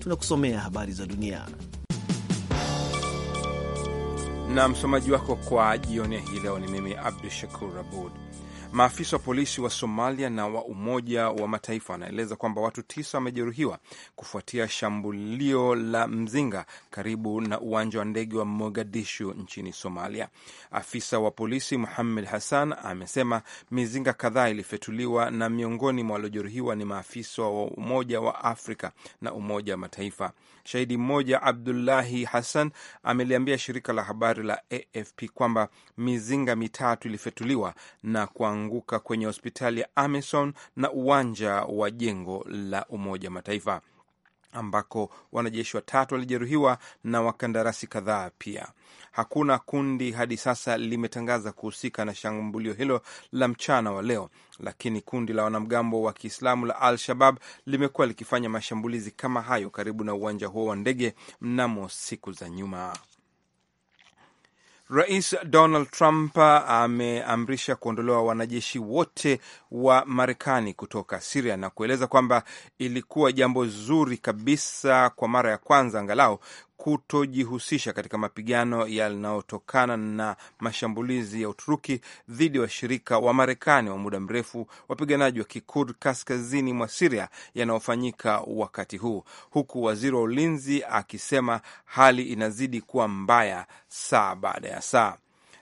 tunakusomea habari za dunia na msomaji wako kwa jioni hii leo ni mimi Abdu Shakur Abud. Maafisa wa polisi wa Somalia na wa Umoja wa Mataifa wanaeleza kwamba watu tisa wamejeruhiwa kufuatia shambulio la mzinga karibu na uwanja wa ndege wa Mogadishu nchini Somalia. Afisa wa polisi Muhamed Hassan amesema mizinga kadhaa ilifyatuliwa na miongoni mwa waliojeruhiwa ni maafisa wa Umoja wa Afrika na Umoja wa Mataifa. Shahidi mmoja Abdullahi Hassan ameliambia shirika la habari la AFP kwamba mizinga mitatu ilifyatuliwa na kwa iliyoanguka kwenye hospitali ya Amison na uwanja wa jengo la Umoja wa Mataifa ambako wanajeshi watatu walijeruhiwa na wakandarasi kadhaa pia. Hakuna kundi hadi sasa limetangaza kuhusika na shambulio hilo la mchana wa leo, lakini kundi la wanamgambo wa Kiislamu la Al Shabab limekuwa likifanya mashambulizi kama hayo karibu na uwanja huo wa ndege mnamo siku za nyuma. Rais Donald Trump ameamrisha kuondolewa wanajeshi wote wa Marekani kutoka Siria na kueleza kwamba ilikuwa jambo zuri kabisa kwa mara ya kwanza angalau kutojihusisha katika mapigano yanayotokana na mashambulizi ya Uturuki dhidi ya washirika wa Marekani wa muda mrefu, wapiganaji wa Kikurd kaskazini mwa Siria, yanayofanyika wakati huu, huku waziri wa ulinzi akisema hali inazidi kuwa mbaya saa baada ya saa.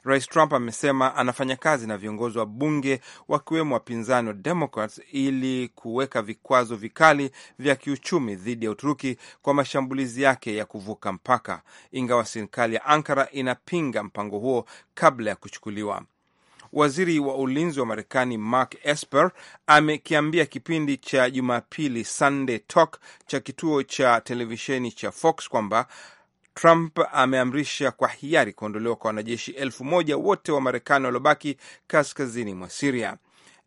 Rais Trump amesema anafanya kazi na viongozi wa bunge wakiwemo wapinzani wa Democrats ili kuweka vikwazo vikali vya kiuchumi dhidi ya Uturuki kwa mashambulizi yake ya kuvuka mpaka, ingawa serikali ya Ankara inapinga mpango huo kabla ya kuchukuliwa. Waziri wa ulinzi wa Marekani Mark Esper amekiambia kipindi cha Jumapili Sunday Talk cha kituo cha televisheni cha Fox kwamba Trump ameamrisha kwa hiari kuondolewa kwa wanajeshi elfu moja wote wa Marekani waliobaki kaskazini mwa Siria.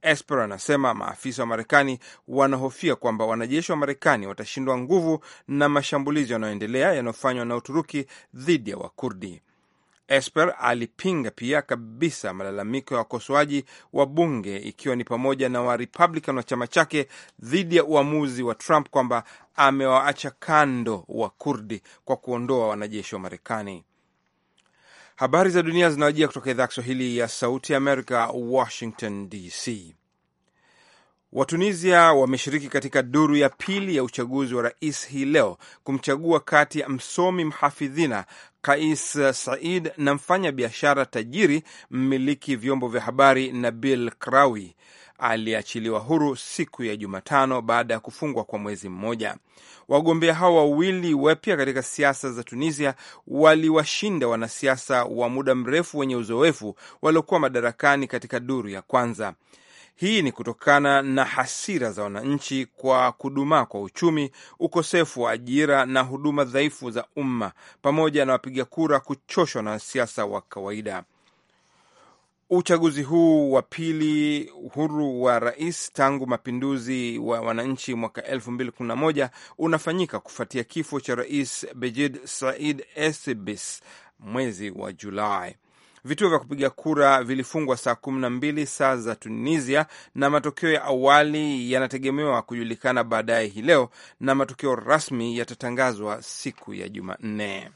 Esper anasema maafisa wa Marekani wanahofia kwamba wanajeshi wa Marekani watashindwa nguvu na mashambulizi yanayoendelea yanayofanywa na Uturuki dhidi ya Wakurdi. Esper alipinga pia kabisa malalamiko ya wakosoaji wa bunge ikiwa ni pamoja na Warepublican wa chama chake dhidi ya uamuzi wa Trump kwamba amewaacha kando wa Kurdi kwa kuondoa wanajeshi wa Marekani. Habari za dunia zinawajia kutoka idhaa ya Kiswahili ya Sauti ya Amerika, Washington DC. Watunisia wameshiriki katika duru ya pili ya uchaguzi wa rais hii leo kumchagua kati ya msomi mhafidhina Kais Said na mfanya biashara tajiri mmiliki vyombo vya habari Nabil Krawi aliachiliwa huru siku ya Jumatano baada ya kufungwa kwa mwezi mmoja. Wagombea hao wawili wapya katika siasa za Tunisia waliwashinda wanasiasa wa muda mrefu wenye uzoefu waliokuwa madarakani katika duru ya kwanza. Hii ni kutokana na hasira za wananchi kwa kudumaa kwa uchumi, ukosefu wa ajira na huduma dhaifu za umma, pamoja na wapiga kura kuchoshwa na siasa wa kawaida. Uchaguzi huu wa pili huru wa rais tangu mapinduzi wa wananchi mwaka 2011 unafanyika kufuatia kifo cha rais Bejid Said Esibis mwezi wa Julai. Vituo vya kupiga kura vilifungwa saa kumi na mbili saa za Tunisia, na matokeo ya awali yanategemewa kujulikana baadaye hii leo, na matokeo rasmi yatatangazwa siku ya Jumanne.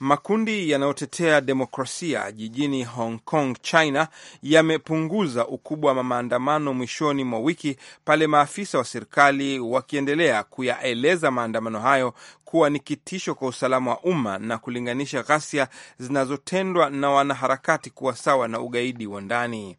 Makundi yanayotetea demokrasia jijini Hong Kong, China yamepunguza ukubwa wa maandamano mwishoni mwa wiki pale maafisa wa serikali wakiendelea kuyaeleza maandamano hayo kuwa ni kitisho kwa usalama wa umma na kulinganisha ghasia zinazotendwa na wanaharakati kuwa sawa na ugaidi wa ndani.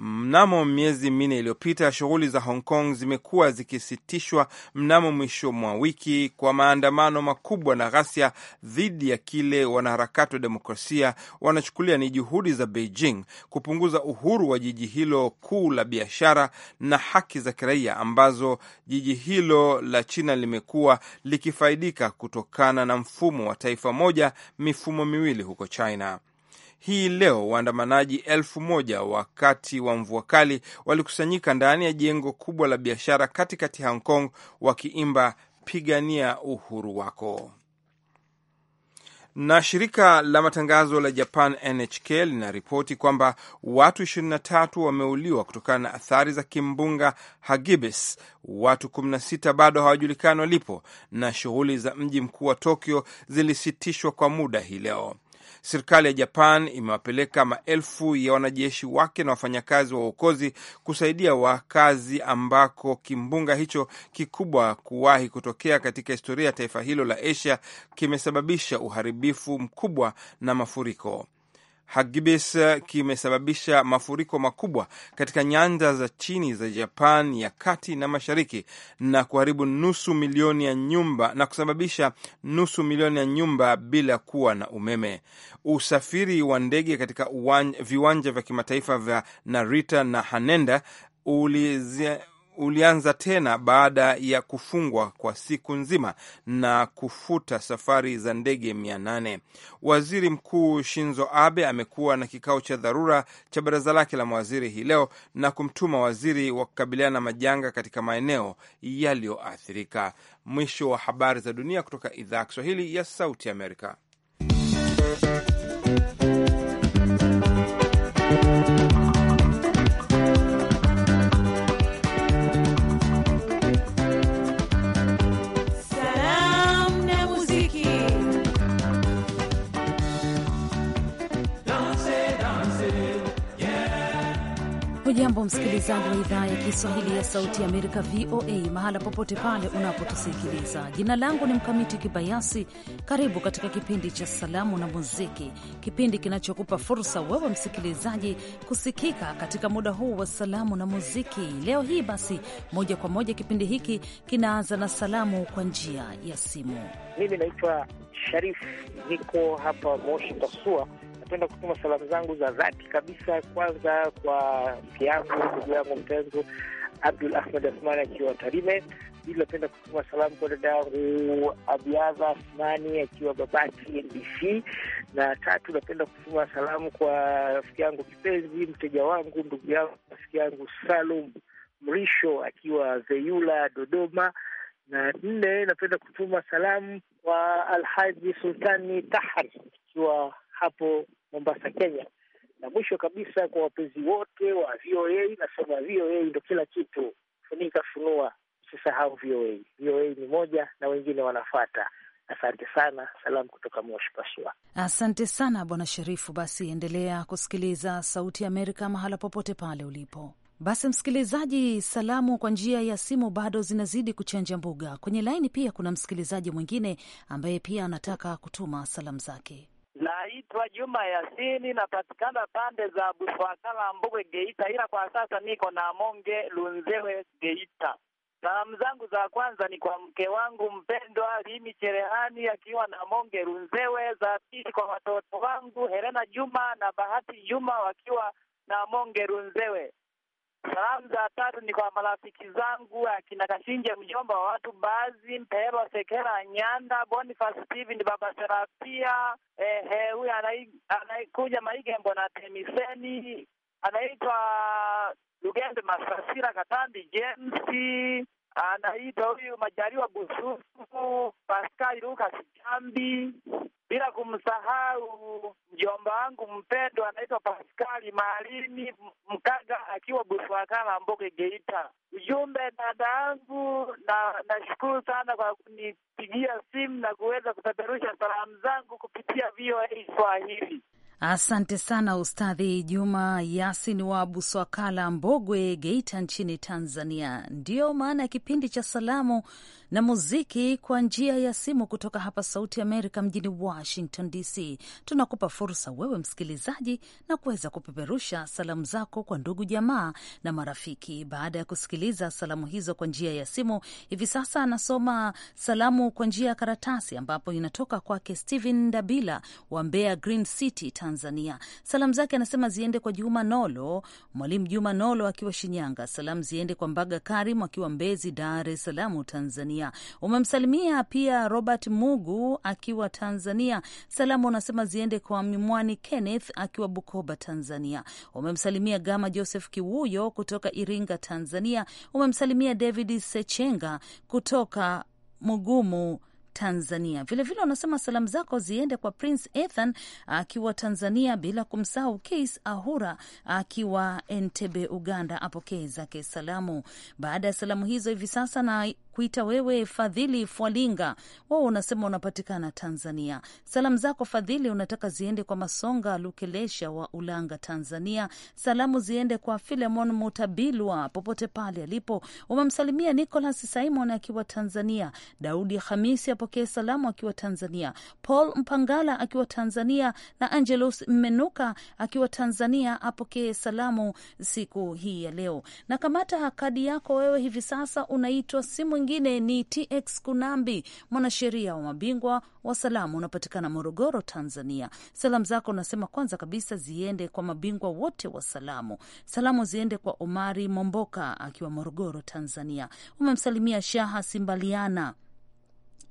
Mnamo miezi minne iliyopita, shughuli za Hong Kong zimekuwa zikisitishwa mnamo mwisho mwa wiki kwa maandamano makubwa na ghasia dhidi ya kile wanaharakati wa demokrasia wanachukulia ni juhudi za Beijing kupunguza uhuru wa jiji hilo kuu la biashara na haki za kiraia ambazo jiji hilo la China limekuwa likifaidika kutokana na mfumo wa taifa moja mifumo miwili huko China hii leo waandamanaji elfu moja wakati wa mvua kali walikusanyika ndani ya jengo kubwa la biashara katikati Hong Kong wakiimba pigania uhuru wako. Na shirika la matangazo la Japan NHK linaripoti kwamba watu 23 wameuliwa kutokana na athari za kimbunga Hagibis. Watu 16 bado hawajulikani walipo, na shughuli za mji mkuu wa Tokyo zilisitishwa kwa muda hii leo. Serikali ya Japan imewapeleka maelfu ya wanajeshi wake na wafanyakazi wa uokozi kusaidia wakazi ambako kimbunga hicho kikubwa kuwahi kutokea katika historia ya taifa hilo la Asia kimesababisha uharibifu mkubwa na mafuriko. Hagibis kimesababisha mafuriko makubwa katika nyanja za chini za Japan ya kati na mashariki na kuharibu nusu milioni ya nyumba na kusababisha nusu milioni ya nyumba bila kuwa na umeme. Usafiri wa ndege katika uwanja, viwanja vya kimataifa vya Narita na Haneda ulize ulianza tena baada ya kufungwa kwa siku nzima na kufuta safari za ndege mia nane. Waziri Mkuu Shinzo Abe amekuwa na kikao cha dharura cha baraza lake la mawaziri hii leo na kumtuma waziri wa kukabiliana na majanga katika maeneo yaliyoathirika. Mwisho wa habari za dunia kutoka idhaa ya Kiswahili ya Sauti Amerika. Hujambo msikilizaji wa idhaa ya Kiswahili ya Sauti ya Amerika, VOA, mahala popote pale unapotusikiliza. Jina langu ni Mkamiti Kibayasi. Karibu katika kipindi cha Salamu na Muziki, kipindi kinachokupa fursa wewe msikilizaji kusikika katika muda huu wa Salamu na Muziki. Leo hii basi, moja kwa moja, kipindi hiki kinaanza na salamu kwa njia ya simu. Mimi naitwa Sharif, niko hapa Moshi Kasua napenda kutuma salamu zangu za dhati kabisa, kwanza kwa mke yangu, ndugu yangu mpenzi Abdul Ahmed Asmani akiwa Tarime. Pili, napenda kutuma salamu kwa dada yangu Abiadha Asmani akiwa Babati NBC. Na tatu, napenda kutuma salamu kwa rafiki yangu kipenzi, mteja wangu, ndugu yangu, rafiki yangu Salum Mrisho akiwa Zeyula, Dodoma. Na nne, napenda kutuma salamu kwa Alhaji Sultani Tahar akiwa hapo Mombasa, Kenya. Na mwisho kabisa, kwa wapenzi wote wa VOA nasema VOA ndo kila kitu, funika funua, usisahau VOA. VOA ni moja na wengine wanafata. Asante sana. Salamu kutoka Moshi Pasua. Asante sana Bwana Sherifu. Basi endelea kusikiliza Sauti ya Amerika mahala popote pale ulipo. Basi msikilizaji, salamu kwa njia ya simu bado zinazidi kuchanja mbuga. Kwenye laini pia kuna msikilizaji mwingine ambaye pia anataka kutuma salamu zake naitwa Juma Yasini, napatikana pande za Buswakala, Mbogwe, Geita, ila kwa sasa niko na Monge Lunzewe, Geita. Salamu zangu za kwanza ni kwa mke wangu mpendwa Limi Cherehani akiwa na Monge Lunzewe, za pili kwa watoto wangu Helena Juma na Bahati Juma wakiwa na Monge Lunzewe, Salamu za tatu ni kwa marafiki zangu akina Kashinje, mjomba wa watu, Bazi Mpero, Sekera Nyanda, Boniface Steven, baba Serapia. Ehe, eh, huyu anaikuja Maigembo na Temiseni, anaitwa Lugembe Masasira Katambi James anaita huyu Majaliwa Busufu, Paskali Lukas Jambi, bila kumsahau mjomba wangu mpendwa anaitwa Paskali Malini Mkaga akiwa Buswakala Mboge Geita. Ujumbe dada yangu, na nashukuru sana kwa kunipigia simu na kuweza kupeperusha salamu zangu kupitia VOA Swahili. Asante sana Ustadhi Juma Yasin wa Buswakala, Mbogwe, Geita nchini Tanzania. Ndiyo maana ya kipindi cha salamu na muziki kwa njia ya simu kutoka hapa Sauti Amerika mjini Washington DC. Tunakupa fursa wewe msikilizaji, na kuweza kupeperusha salamu zako kwa ndugu jamaa na marafiki. Baada ya kusikiliza salamu hizo kwa njia ya simu, hivi sasa anasoma salamu kwa njia ya karatasi, ambapo inatoka kwake Stephen Dabila wa Mbeya Green City Tanzania. Tanzania. Salamu zake anasema ziende kwa Juma Nolo, Mwalimu Juma Nolo akiwa Shinyanga. Salamu ziende kwa Mbaga Karim akiwa Mbezi, Dar es Salaam, Tanzania. Umemsalimia pia Robert Mugu akiwa Tanzania. Salamu anasema ziende kwa Mimwani Kenneth akiwa Bukoba, Tanzania. Umemsalimia Gama Joseph Kiwuyo kutoka Iringa, Tanzania. Umemsalimia David Sechenga kutoka Mugumu Tanzania. Vilevile wanasema vile salamu zako ziende kwa Prince Ethan akiwa Tanzania, bila kumsahau Kis Ahura akiwa Entebbe, Uganda, apokee zake salamu. Baada ya salamu hizo, hivi sasa na nakuita wewe Fadhili Fwalinga, wao unasema unapatikana Tanzania. Salamu zako Fadhili unataka ziende kwa Masonga Lukelesha wa Ulanga, Tanzania. Salamu ziende kwa Filemon Mutabilwa popote pale alipo. Umemsalimia Nicolas Simon akiwa Tanzania, Daudi Hamisi apokee salamu akiwa Tanzania, Paul Mpangala akiwa Tanzania na Angelus Mmenuka akiwa Tanzania apokee salamu siku hii ya leo. Na kamata kadi yako wewe hivi sasa, unaitwa simu mwingine ni TX Kunambi, mwanasheria wa mabingwa wa salamu, unapatikana Morogoro, Tanzania. Salamu zako unasema kwanza kabisa ziende kwa mabingwa wote wa salamu. Salamu ziende kwa Omari Momboka akiwa Morogoro, Tanzania. Umemsalimia Shaha Simbaliana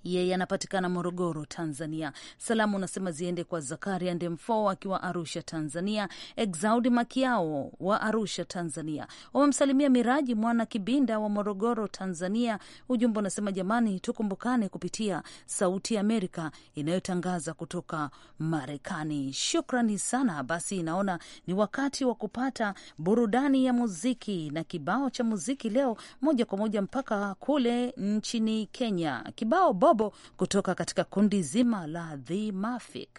yeye anapatikana Morogoro, Tanzania. Salamu unasema ziende kwa Zakaria Ndemfo akiwa Arusha, Tanzania, Exaudi Makiao wa Arusha, Tanzania. Wamemsalimia Miraji Mwana Kibinda wa Morogoro, Tanzania. Ujumbe unasema jamani, tukumbukane kupitia Sauti ya Amerika inayotangaza kutoka Marekani. Shukrani sana. Basi naona ni wakati wa kupata burudani ya muziki na kibao cha muziki leo, moja kwa moja mpaka kule nchini Kenya. Kibao Bobo kutoka katika kundi zima la The Mafic.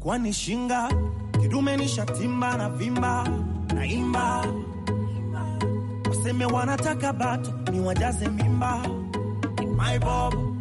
Kwani shinga kidume ni shatimba na vimba naimba waseme wanataka bato ni wajaze mimba my bob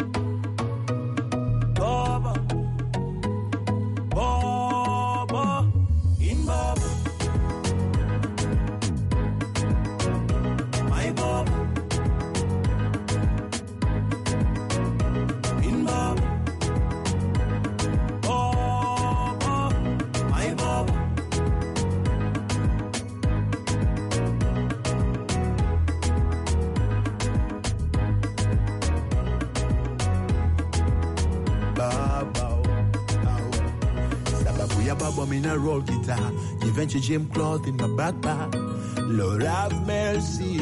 roll guitar, giving to gym cloth in my backpack. Lord have mercy.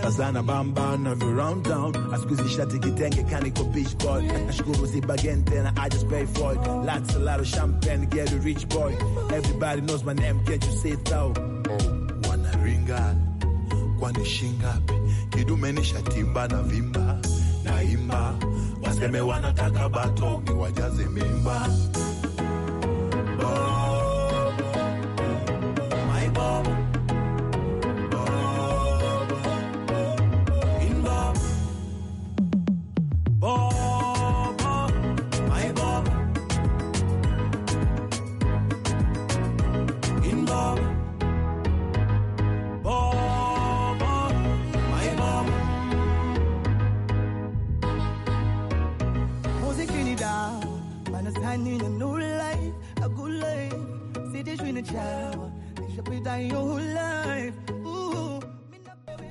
Sazana bamba na vi round down. Askuzisha tikitenge kaniko beach boy. Ashukuru zip again then I just pay for it. Lots a lot of champagne, get a rich boy. Everybody knows my name, can't you say it out? Oh, Wanaringa, kwani shingapi? Kidume ni shatimba na vimba, naimba. Waseme wanataka bato, ni wajaze mimba.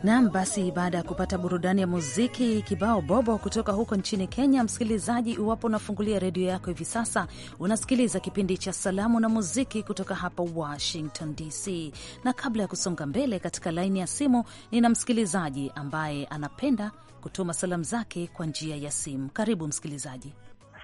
Nam, basi baada ya kupata burudani ya muziki kibao bobo kutoka huko nchini Kenya, msikilizaji, iwapo unafungulia redio yako hivi sasa, unasikiliza kipindi cha salamu na muziki kutoka hapa Washington DC. Na kabla ya kusonga mbele, katika laini ya simu nina msikilizaji ambaye anapenda kutuma salamu zake kwa njia ya simu. Karibu msikilizaji.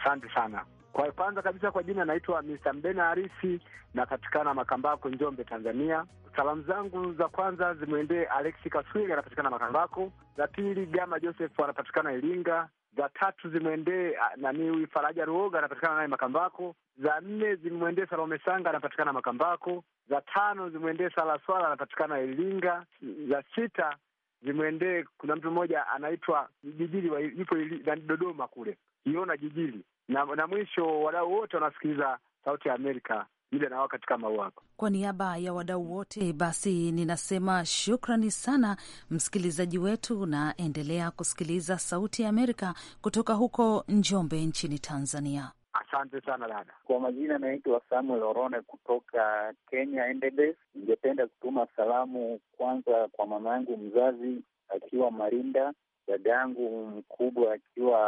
Asante sana. Kwa kwanza kabisa, kwa jina naitwa Mr. Mbena Harisi, napatikana Makambako, Njombe, Tanzania. Salamu zangu za kwanza zimwendee Alexi Kaswili, anapatikana Makambako. Za pili, Gama Joseph, anapatikana Ilinga. Za tatu zimwendee ah, nani Faraja Ruoga, anapatikana naye Makambako. Za nne zimwendee Salome Sanga, anapatikana Makambako. Za tano zimwendee Swala anapatikana Ilinga. Za sita zimwendee kuna mtu mmoja anaitwa Jijili, yupo Dodoma kule, Iona Jijili na, na mwisho wadau wote wanasikiliza Sauti ya Amerika yule nawa katika mau wako. Kwa niaba ya wadau wote, basi ninasema shukrani sana msikilizaji wetu, na endelea kusikiliza Sauti ya Amerika kutoka huko Njombe nchini Tanzania. Asante sana dada. Kwa majina naitwa Samuel Orone kutoka Kenya, Endebes. Ningependa kutuma salamu kwanza kwa mama yangu mzazi akiwa Marinda, dada yangu mkubwa akiwa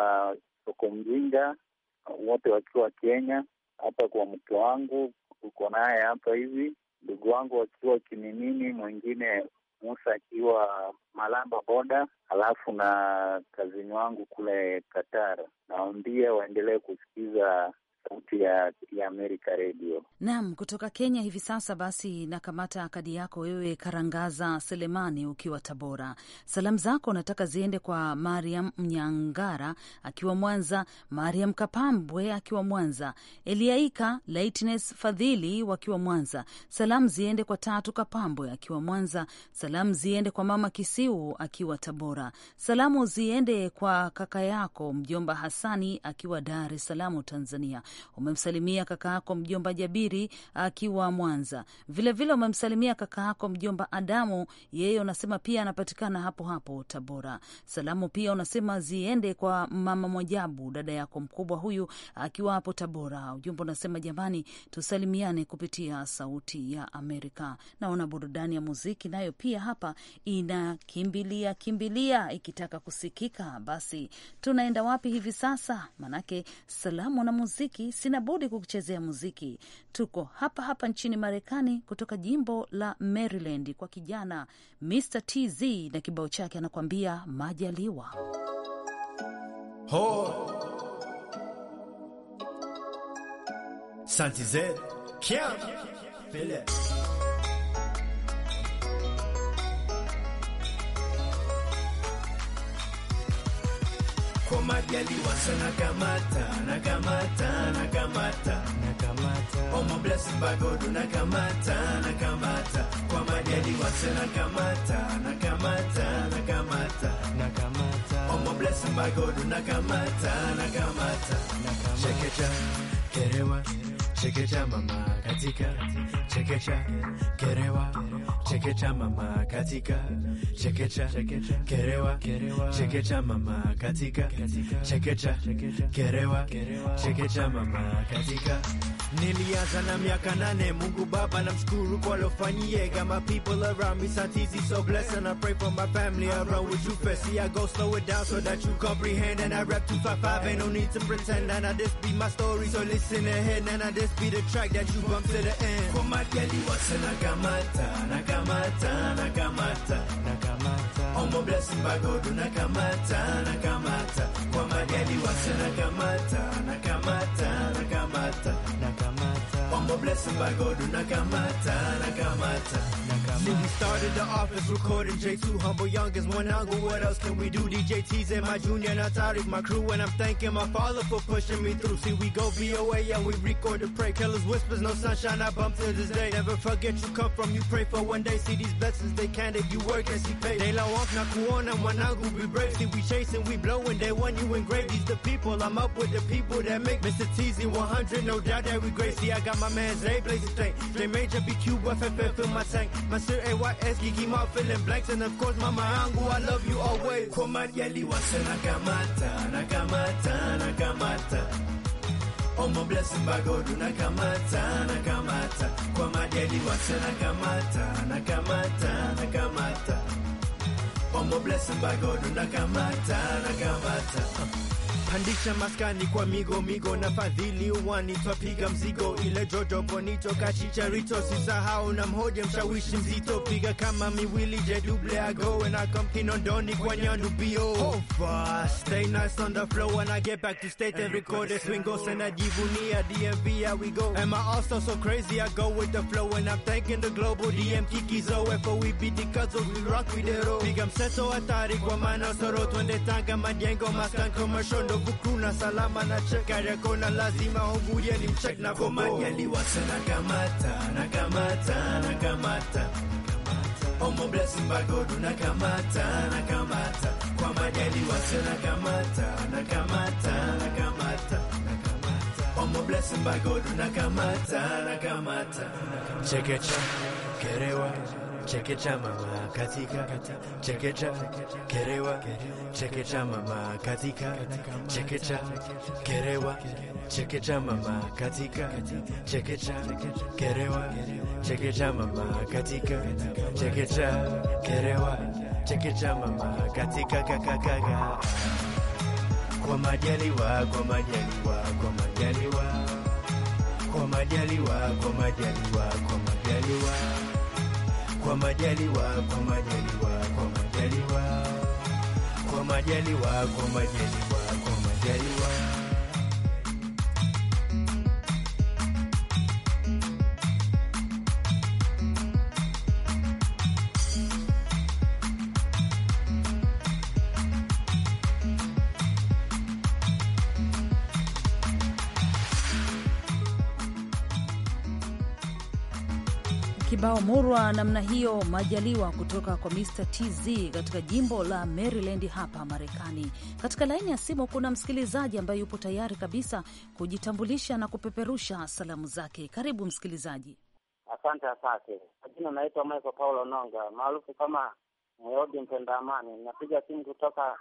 Soko Mjinga, wote wakiwa Kenya, hata kwa mke wangu uko naye hapa hivi, ndugu wangu akiwa Kiminini, mwingine Musa akiwa malamba boda, alafu na kazini wangu kule Katara. nawambia waendelee kusikiza sauti ya, ya Amerika redio. Naam, kutoka Kenya hivi sasa basi nakamata kadi yako wewe, Karangaza Selemani, ukiwa Tabora. Salamu zako nataka ziende kwa Mariam Mnyangara akiwa Mwanza, Mariam Kapambwe akiwa Mwanza, Eliaika Laitnes Fadhili wakiwa Mwanza. Salamu ziende kwa Tatu Kapambwe akiwa Mwanza. Salamu ziende kwa Mama Kisiu akiwa Tabora. Salamu ziende kwa kaka yako mjomba Hasani akiwa Dar es Salaam, Tanzania. Umemsalimia kaka yako mjomba Jabiri akiwa Mwanza, vilevile umemsalimia kaka yako mjomba Adamu, yeye unasema pia anapatikana hapo hapo Tabora. Salamu pia unasema ziende kwa mama Mwajabu, dada yako mkubwa huyu akiwa hapo Tabora. Ujumbe unasema jamani, tusalimiane kupitia Sauti ya Amerika. Naona burudani ya muziki nayo pia hapa inakimbilia kimbilia ikitaka kusikika. Basi tunaenda wapi hivi sasa? Manake salamu na muziki sina budi kukuchezea muziki. Tuko hapa hapa nchini Marekani, kutoka jimbo la Maryland kwa kijana Mr TZ na kibao chake anakuambia majaliwa ho santize kia pele yako majaliwa sana, kamata na kamata na kamata na kamata, omo bless bagodo na kamata na kamata, kwa majaliwa sana, kamata na kamata na kamata na kamata, omo bless bagodo na kamata na kamata na kamata, chekecha kerewa chekecha mama katika chekecha kerewa chekecha mama katika chekecha kerewa chekecha mama katika chekecha kerewa chekecha mama katika Nilianza na miaka nane, Mungu Baba namshukuru kwa lofanyie. Got my people around me, it's easy, so blessed and I pray for my family. I run with you first, see I go slow it down so that you comprehend. And I rap 255, ain't no need to pretend. And I just be my story, so listen ahead. And I just be the track that you bump to the end. Kwa madeli wase nakamata, nakamata, nakamata, nakamata. Omo blessing by God, nakamata, nakamata. Kwa madeli wase nakamata, nakamata, nakamata more by God. Nakamata, Nakamata, See, we started the office recording J2 Humble Youngest, One Hunger. What else can we do? DJ TZ, my junior, and Atari's my crew. And I'm thanking my father for pushing me through. See, we go VOA and we record to pray. Killers whispers, no sunshine. I bump to this day. Never forget you come from. You pray for one day. See these blessings, they can't if you work and see pay. They long off, Nakuona, Wanangu, we brave. See, we chasing, we blowing. They want you engraved. These the people. I'm up with the people that make Mr. TZ 100. No doubt that we great. See, I got my man mans, they blaze the thing. They major BQ, FFF, fill my tank. My sir AYS, geeky mouth, feeling blanks. And of course, mama Angu, I love you always. Komanyeli wase nakamata, nakamata, nakamata. Omo oh, blessing bagodu nakamata, nakamata. Kwa majeli wase nakamata, nakamata, nakamata. Omo oh, blessing bagodu nakamata, nakamata pandisha maskani kwa migo migo na fadhili uwani twapiga mzigo ile jojo kachicharito sisahau na mhoje mshawishi mzito piga kama miwili kwa nyandu bio oh, stay nice on the flow when I get back to state and record a swing goes and DMV here we go am I also so crazy I go with the flow and I'm thanking the global DM kikizo FOEP dikazo we rock with the road piga mseto hatari kwa maana soro twende tanga majengo maskan commercial kuna salama na cheka kona lazima honguye ni mcheck na koma yali wasa na kamata na kamata na kamata Omo blessing bagodu na kamata na kamata kwa majali wasa na kamata na kamata na kamata Omo blessing bagodu na kamata na kamata Chekecha kerewa chekecha mama katika chekecha kerewa chekecha mama katika chekecha kerewa chekecha mama katika chekecha kerewa chekecha mama katika chekecha kerewa chekecha mama katika kakakaka kwa majaliwa kwa majaliwa kwa majaliwa kwa majaliwa kwa majaliwa kwa majaliwa kwa majaliwa, kwa majaliwa, kwa majaliwa, kwa majaliwa, kwa majaliwa, kwa majaliwa Hamurwa namna hiyo Majaliwa kutoka kwa Mr TZ katika jimbo la Maryland hapa Marekani. Katika laini ya simu kuna msikilizaji ambaye yupo tayari kabisa kujitambulisha na kupeperusha salamu zake. Karibu msikilizaji. Asante, asante. Majina naitwa Michael Paulo Nonga maarufu kama Moyodi mpenda amani, napiga simu kutoka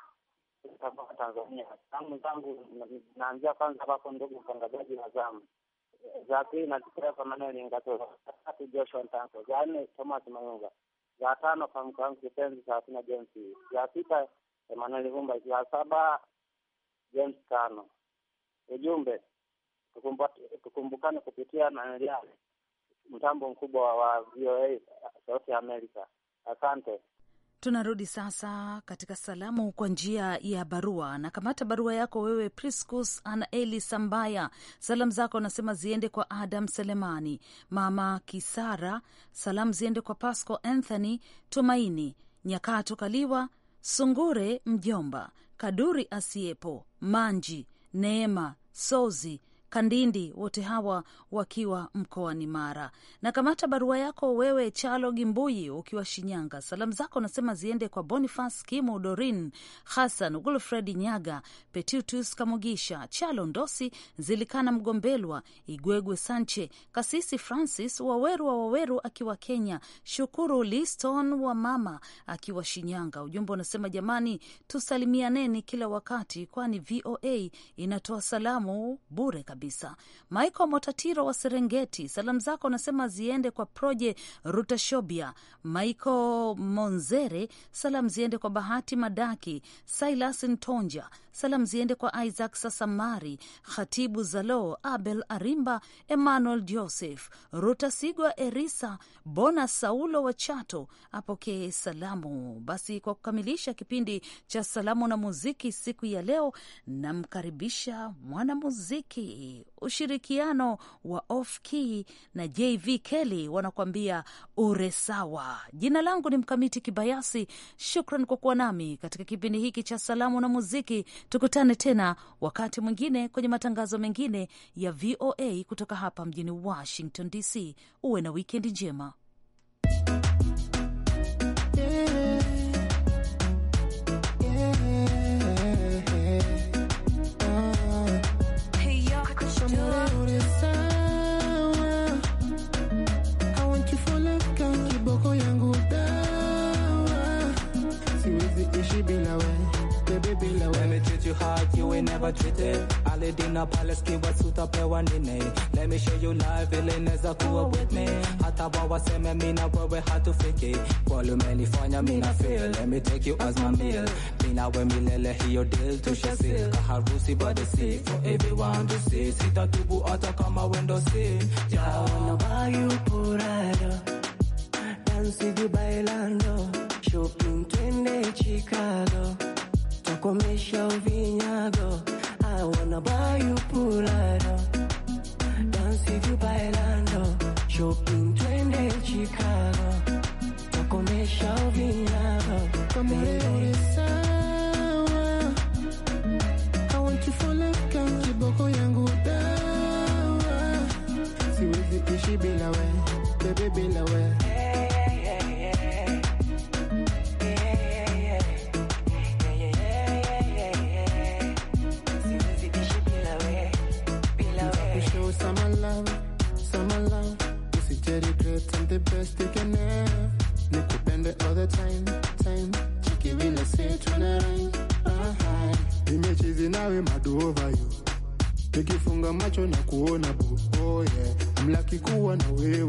Tanzania. Salamu zangu naanzia kwanza kwako ndugu mtangazaji wa zamu za pili nachukulia kwa maneno lingato, za tatu Joshua Ntanko, za nne Thomas Mayunga, za tano Kamka wangu kipenzi Sarafina James, za sita Emmanuel Vumba, za saba James tano Ujumbe tukumbukane kupitia maneno mtambo mkubwa wa VOA Sauti america Asante. Tunarudi sasa katika salamu kwa njia ya barua. Nakamata barua yako wewe, Priscus ana eli Sambaya. Salamu zako anasema ziende kwa Adam Selemani, mama Kisara. Salamu ziende kwa Pasco Anthony, Tumaini Nyakato, Kaliwa Sungure, mjomba Kaduri, asiepo Manji, Neema Sozi Kandindi, wote hawa wakiwa mkoani Mara. Na kamata barua yako wewe, Chalo Gimbuyi, ukiwa Shinyanga. Salamu zako unasema ziende kwa Bonifas Kimu, Dorin Hasan, Gulfred Nyaga, Petitus Kamugisha, Chalo Ndosi, Zilikana Mgombelwa, Igwegwe Sanche, Kasisi Francis Waweru wa Waweru akiwa Kenya, Shukuru Liston wa mama akiwa Shinyanga. Ujumbe unasema jamani, tusalimianeni kila wakati, kwani VOA inatoa salamu bure kabisa kabisa. Michael Motatiro wa Serengeti, salamu zako anasema ziende kwa Proje Rutashobia, Michael Monzere, salamu ziende kwa Bahati Madaki, Silas Ntonja Salamu ziende kwa Isaac Sasamari, Khatibu Zalo, Abel Arimba, Emmanuel Joseph, Ruta Sigwa, Erisa Bona, Saulo wa Chato apokee salamu. Basi kwa kukamilisha kipindi cha salamu na muziki siku ya leo, namkaribisha mwanamuziki ushirikiano wa Off Key na JV Kelly wanakuambia ure sawa. Jina langu ni Mkamiti Kibayasi. Shukran kwa kuwa nami katika kipindi hiki cha salamu na muziki. Tukutane tena wakati mwingine kwenye matangazo mengine ya VOA kutoka hapa mjini Washington DC. Uwe na wikendi njema. bila you hard, you ain't never treated. I lived in a palace, a suit up suta one day. Let me show you life, ilineza kuwa with me. me we had Hata wawaseme mina wewe hatufiki. Kwali umenifanya mina feel, let me take you as my meal. Me Mina we hear your deal, to share. tushasil. Kaharusi by the sea, for everyone to see. Sitatubu hata kama wendo see. Yeah. you purado, dance bailando, shopping twende Chicago. Takomesha uvinyago awana bayu pularo dansi tu bailando shopping twende Chicago takomesha uvinyago sawa I bila we bebe bila we kuwa away.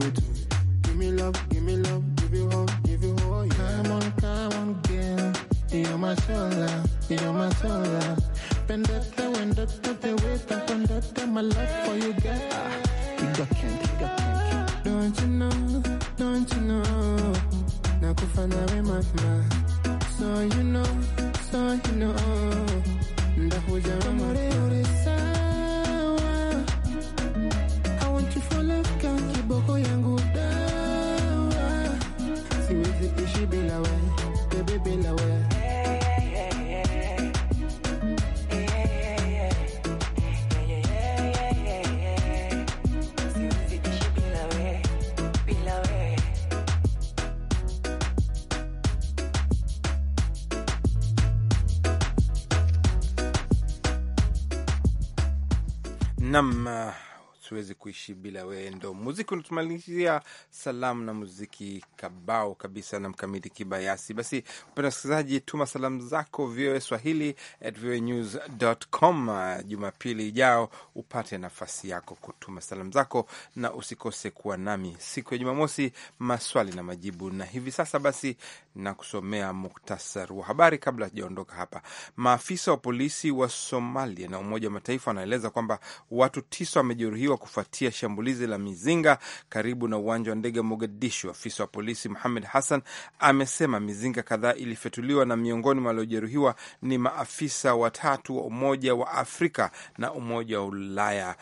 Nam, uh, siwezi kuishi bila wewe, ndo muziki unatumalizia salamu na muziki kabao kabisa na mkamiti kibayasi. Basi mpenda msikilizaji, tuma salamu zako VOA Swahili at voanews.com. Uh, Jumapili ijao upate nafasi yako kutuma salamu zako, na usikose kuwa nami siku ya Jumamosi, maswali na majibu. Na hivi sasa basi na kusomea muktasar wa habari kabla hajaondoka hapa. Maafisa wa polisi wa Somalia na Umoja wa Mataifa wanaeleza kwamba watu tisa wamejeruhiwa kufuatia shambulizi la mizinga karibu na uwanja wa ndege wa Mogadishu. Afisa wa polisi Muhamed Hassan amesema mizinga kadhaa ilifyatuliwa na miongoni mwa waliojeruhiwa ni maafisa watatu wa Umoja wa Afrika na Umoja wa Ulaya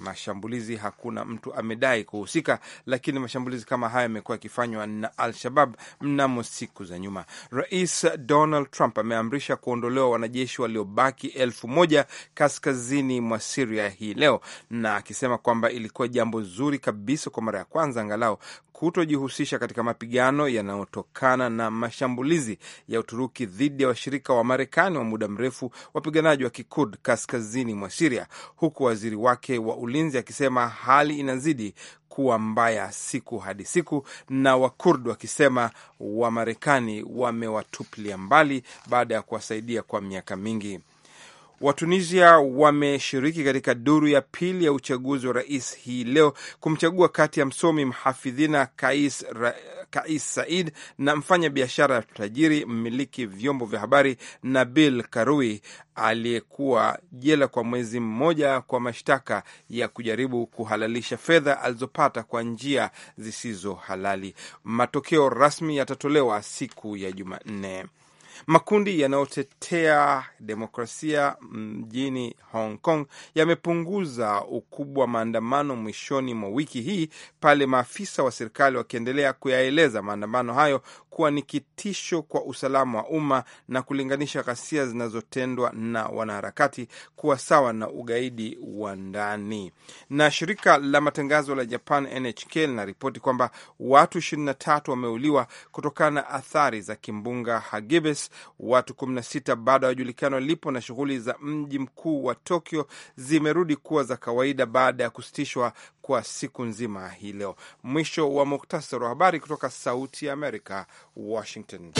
mashambulizi hakuna mtu amedai kuhusika, lakini mashambulizi kama hayo yamekuwa yakifanywa na Al-Shabab mnamo siku za nyuma. Rais Donald Trump ameamrisha kuondolewa wanajeshi waliobaki elfu moja kaskazini mwa Siria hii leo, na akisema kwamba ilikuwa jambo zuri kabisa kwa mara ya kwanza angalau kutojihusisha katika mapigano yanayotokana na mashambulizi ya Uturuki dhidi ya washirika wa Marekani wa muda mrefu wapiganaji wa Kikurd kaskazini mwa Siria, huku waziri wake wa ulinzi akisema hali inazidi kuwa mbaya siku hadi siku, na Wakurd wakisema Wamarekani wamewatupilia mbali baada ya kuwasaidia kwa miaka mingi. Watunisia wameshiriki katika duru ya pili ya uchaguzi wa rais hii leo kumchagua kati ya msomi mhafidhina Kais, Ra, Kais Said na mfanya biashara tajiri mmiliki vyombo vya habari Nabil Karoui aliyekuwa jela kwa mwezi mmoja kwa mashtaka ya kujaribu kuhalalisha fedha alizopata kwa njia zisizo halali. Matokeo rasmi yatatolewa siku ya Jumanne. Makundi yanayotetea demokrasia mjini Hong Kong yamepunguza ukubwa wa maandamano mwishoni mwa wiki hii pale maafisa wa serikali wakiendelea kuyaeleza maandamano hayo kuwa ni kitisho kwa usalama wa umma na kulinganisha ghasia zinazotendwa na wanaharakati kuwa sawa na ugaidi wa ndani. Na shirika la matangazo la Japan NHK linaripoti kwamba watu 23 wameuliwa kutokana na athari za kimbunga Hagibis Watu 16 bado hawajulikani walipo, na shughuli za mji mkuu wa Tokyo zimerudi kuwa za kawaida baada ya kusitishwa kwa siku nzima hii leo. Mwisho wa muktasari wa habari kutoka Sauti ya Amerika, Washington.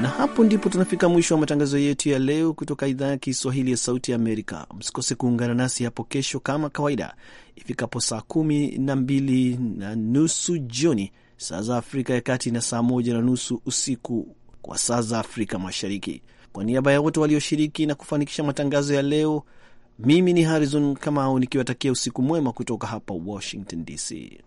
Na hapo ndipo tunafika mwisho wa matangazo yetu ya leo kutoka idhaa ya Kiswahili ya Sauti Amerika. Msikose kuungana nasi hapo kesho kama kawaida ifikapo saa kumi na mbili na nusu jioni saa za Afrika ya Kati na saa moja na nusu usiku kwa saa za Afrika Mashariki. Kwa niaba ya wote walioshiriki na kufanikisha matangazo ya leo, mimi ni Harrison Kamau nikiwatakia usiku mwema kutoka hapa Washington DC.